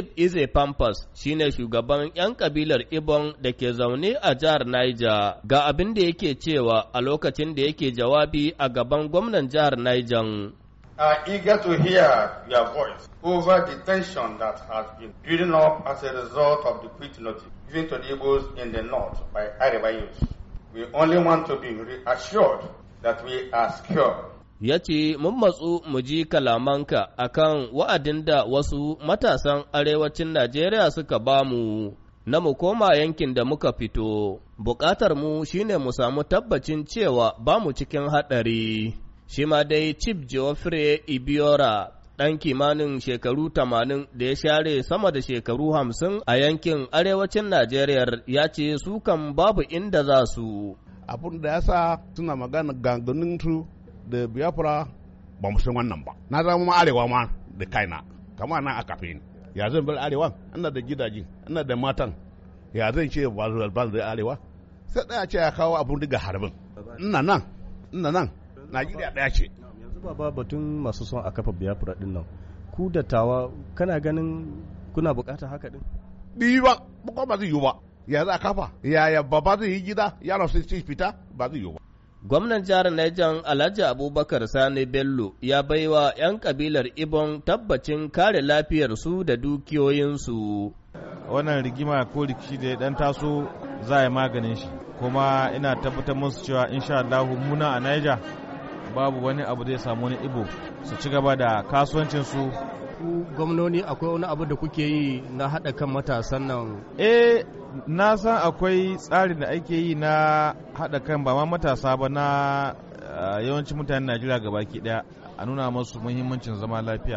Chief a Pampas shine shugaban 'yan kabilar Ibon da ke zaune a jihar Niger ga abin da yake cewa a lokacin da yake jawabi a gaban gwamnan jihar Niger. are eager to hear your voice over the tension that has been building up as a result of the quick notice given to the Igbos in the north by Aribayus. We only want to be reassured that we are secure ya ce mun matsu mu ji kalamanka akan wa'adin da wasu matasan arewacin Najeriya suka bamu na mu koma yankin da muka fito, buƙatar mu shi ne mu samu tabbacin cewa ba mu cikin haɗari. Shi ma dai Chief Geoffrey Ibiora ɗan kimanin shekaru tamanin da ya share sama da shekaru hamsin a yankin arewacin Najeriya ya ce su kan babu inda za su. Abin da ya sa suna magana su da biafra ba mu san wannan ba na zama ma arewa ma da kaina kama na a kafin ya zan bar arewa ina da gidaje ina da matan ya zan ce ba ban da arewa sai daya ce ya kawo abun diga harbin ina nan ina nan najeriya daya ce yanzu baba batun masu son a kafa biafra din nan ku da tawa kana ganin kuna bukata haka din bi ba ba zai yi ba ya za kafa ya ya baba zai yi gida yaro sai fita ba zai yi ba Gwamnan jihar Niger Alhaji Abubakar Sani Bello ya baiwa 'yan kabilar Ibon tabbacin kare lafiyarsu da dukiyoyinsu. Wannan rigima ko rikici da ya dan taso za a yi maganin shi, kuma ina tabbatar musu cewa insha Allah muna a Niger babu wani abu zai samu wani Ibo su ci gaba da kasuwancinsu ku gwamnoni akwai wani abu da kuke yi na haɗa kan matasan nan? Eh, na san akwai tsarin da ake yi na haɗa kan ba ma matasa ba na eh, yawancin mutanen najeriya gabaki ɗaya a nuna masu muhimmancin zama lafiya